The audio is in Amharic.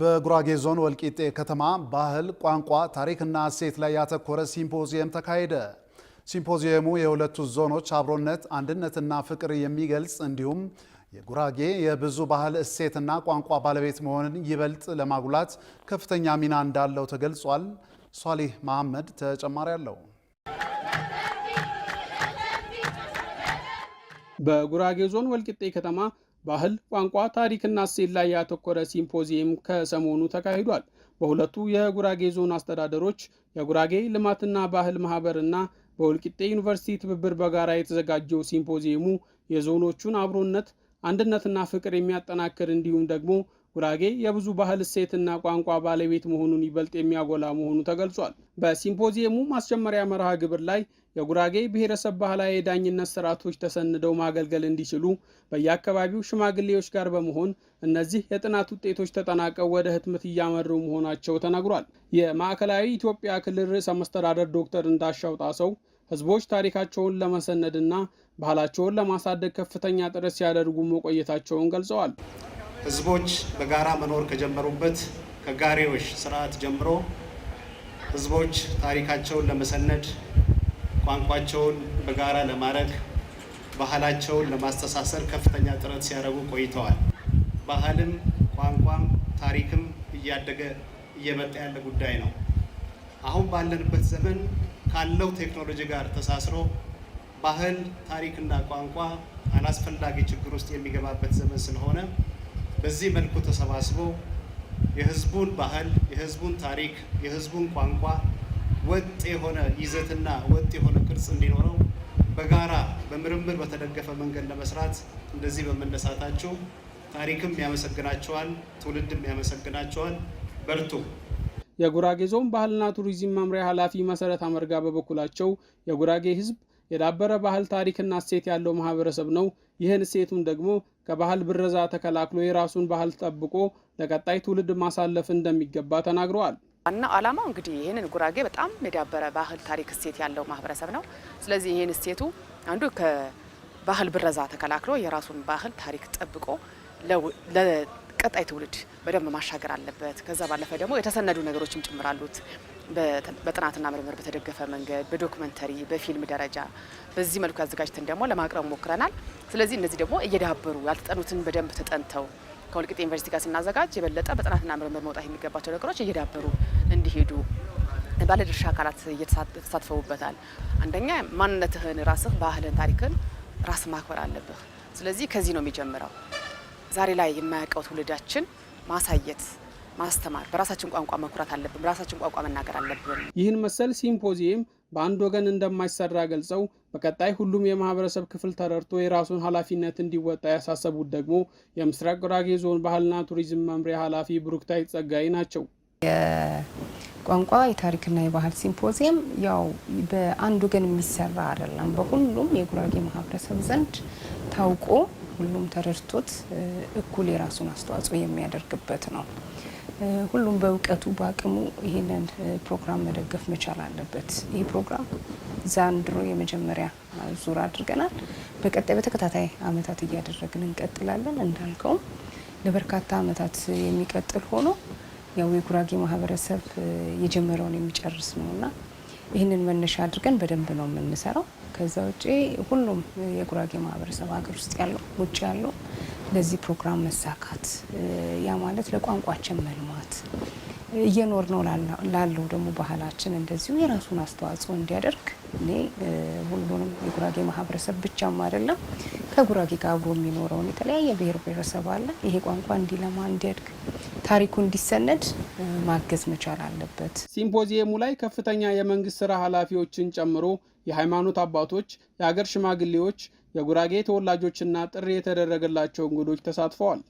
በጉራጌ ዞን ወልቂጤ ከተማ ባህል፣ ቋንቋ፣ ታሪክና እሴት ላይ ያተኮረ ሲምፖዚየም ተካሄደ። ሲምፖዚየሙ የሁለቱ ዞኖች አብሮነት፣ አንድነትና ፍቅር የሚገልጽ እንዲሁም የጉራጌ የብዙ ባህል እሴትና ቋንቋ ባለቤት መሆንን ይበልጥ ለማጉላት ከፍተኛ ሚና እንዳለው ተገልጿል። ሷሊህ መሐመድ ተጨማሪ አለው። በጉራጌ ዞን ወልቂጤ ከተማ ባህል፣ ቋንቋ፣ ታሪክና እሴት ላይ ያተኮረ ሲምፖዚየም ከሰሞኑ ተካሂዷል። በሁለቱ የጉራጌ ዞን አስተዳደሮች የጉራጌ ልማትና ባህል ማህበርና በወልቂጤ ዩኒቨርሲቲ ትብብር በጋራ የተዘጋጀው ሲምፖዚየሙ የዞኖቹን አብሮነት አንድነትና ፍቅር የሚያጠናክር እንዲሁም ደግሞ ጉራጌ የብዙ ባህል እሴትና ቋንቋ ባለቤት መሆኑን ይበልጥ የሚያጎላ መሆኑ ተገልጿል። በሲምፖዚየሙ ማስጀመሪያ መርሃ ግብር ላይ የጉራጌ ብሔረሰብ ባህላዊ የዳኝነት ስርዓቶች ተሰንደው ማገልገል እንዲችሉ በየአካባቢው ሽማግሌዎች ጋር በመሆን እነዚህ የጥናት ውጤቶች ተጠናቀው ወደ ህትመት እያመሩ መሆናቸው ተነግሯል። የማዕከላዊ ኢትዮጵያ ክልል ርዕሰ መስተዳደር ዶክተር እንዳሻው ጣሰው ህዝቦች ታሪካቸውን ለመሰነድና ባህላቸውን ለማሳደግ ከፍተኛ ጥረት ሲያደርጉ መቆየታቸውን ገልጸዋል። ህዝቦች በጋራ መኖር ከጀመሩበት ከጋሪዎች ስርዓት ጀምሮ ህዝቦች ታሪካቸውን ለመሰነድ፣ ቋንቋቸውን በጋራ ለማድረግ፣ ባህላቸውን ለማስተሳሰር ከፍተኛ ጥረት ሲያደርጉ ቆይተዋል። ባህልም ቋንቋም ታሪክም እያደገ እየመጣ ያለ ጉዳይ ነው። አሁን ባለንበት ዘመን ካለው ቴክኖሎጂ ጋር ተሳስሮ ባህል ታሪክና ቋንቋ አላስፈላጊ ችግር ውስጥ የሚገባበት ዘመን ስለሆነ በዚህ መልኩ ተሰባስበው የህዝቡን ባህል፣ የህዝቡን ታሪክ፣ የህዝቡን ቋንቋ ወጥ የሆነ ይዘትና ወጥ የሆነ ቅርጽ እንዲኖረው በጋራ በምርምር በተደገፈ መንገድ ለመስራት እንደዚህ በመነሳታቸው ታሪክም ያመሰግናቸዋል፣ ትውልድም ያመሰግናቸዋል። በርቱ። የጉራጌ ዞን ባህልና ቱሪዝም መምሪያ ኃላፊ መሰረት አመርጋ በበኩላቸው የጉራጌ ህዝብ የዳበረ ባህል ታሪክና እሴት ያለው ማህበረሰብ ነው። ይህን እሴቱን ደግሞ ከባህል ብረዛ ተከላክሎ የራሱን ባህል ጠብቆ ለቀጣይ ትውልድ ማሳለፍ እንደሚገባ ተናግረዋል። ዋና ዓላማው እንግዲህ ይህንን ጉራጌ በጣም የዳበረ ባህል፣ ታሪክ፣ እሴት ያለው ማህበረሰብ ነው። ስለዚህ ይህን እሴቱ አንዱ ከባህል ብረዛ ተከላክሎ የራሱን ባህል ታሪክ ጠብቆ ቀጣይ ትውልድ በደንብ ማሻገር አለበት። ከዛ ባለፈ ደግሞ የተሰነዱ ነገሮችም ጭምር አሉት። በጥናትና ምርምር በተደገፈ መንገድ በዶክመንተሪ በፊልም ደረጃ በዚህ መልኩ አዘጋጅተን ደግሞ ለማቅረብ ሞክረናል። ስለዚህ እነዚህ ደግሞ እየዳበሩ ያልተጠኑትን በደንብ ተጠንተው ከወልቂጤ ዩኒቨርሲቲ ጋር ስናዘጋጅ የበለጠ በጥናትና ምርምር መውጣት የሚገባቸው ነገሮች እየዳበሩ እንዲሄዱ ባለድርሻ አካላት እየተሳትፈውበታል። አንደኛ ማንነትህን፣ ራስህ፣ ባህልን ታሪክን ራስ ማክበር አለብህ። ስለዚህ ከዚህ ነው የሚጀምረው። ዛሬ ላይ የማያውቀው ትውልዳችን ማሳየት ማስተማር በራሳችን ቋንቋ መኩራት አለብን። በራሳችን ቋንቋ መናገር አለብን። ይህን መሰል ሲምፖዚየም በአንድ ወገን እንደማይሰራ ገልጸው በቀጣይ ሁሉም የማህበረሰብ ክፍል ተረድቶ የራሱን ኃላፊነት እንዲወጣ ያሳሰቡት ደግሞ የምስራቅ ጉራጌ ዞን ባህልና ቱሪዝም መምሪያ ኃላፊ ብሩክታይ ጸጋይ ናቸው። ቋንቋ የታሪክና የባህል ሲምፖዚየም ያው በአንዱ ወገን የሚሰራ አይደለም። በሁሉም የጉራጌ ማህበረሰብ ዘንድ ታውቆ ሁሉም ተረድቶት እኩል የራሱን አስተዋጽኦ የሚያደርግበት ነው። ሁሉም በእውቀቱ በአቅሙ ይህንን ፕሮግራም መደገፍ መቻል አለበት። ይህ ፕሮግራም ዛንድሮ የመጀመሪያ ዙር አድርገናል። በቀጣይ በተከታታይ አመታት እያደረግን እንቀጥላለን። እንዳልከውም ለበርካታ አመታት የሚቀጥል ሆኖ ያው የጉራጌ ማህበረሰብ የጀመረውን የሚጨርስ ነው እና ይህንን መነሻ አድርገን በደንብ ነው የምንሰራው። ከዛ ውጭ ሁሉም የጉራጌ ማህበረሰብ ሀገር ውስጥ ያለው ውጭ ያለው ለዚህ ፕሮግራም መሳካት ያ ማለት ለቋንቋችን መልማት እየኖር ነው ላለው ደግሞ ባህላችን እንደዚሁ የራሱን አስተዋጽኦ እንዲያደርግ እኔ ሁሉንም የጉራጌ ማህበረሰብ ብቻም አይደለም ከጉራጌ ጋር አብሮ የሚኖረውን የተለያየ ብሔር ብሔረሰብ አለ ይሄ ቋንቋ እንዲለማ እንዲያድግ ታሪኩ እንዲሰነድ ማገዝ መቻል አለበት። ሲምፖዚየሙ ላይ ከፍተኛ የመንግስት ስራ ኃላፊዎችን ጨምሮ የሃይማኖት አባቶች፣ የሀገር ሽማግሌዎች፣ የጉራጌ ተወላጆችና ጥሪ የተደረገላቸው እንግዶች ተሳትፈዋል።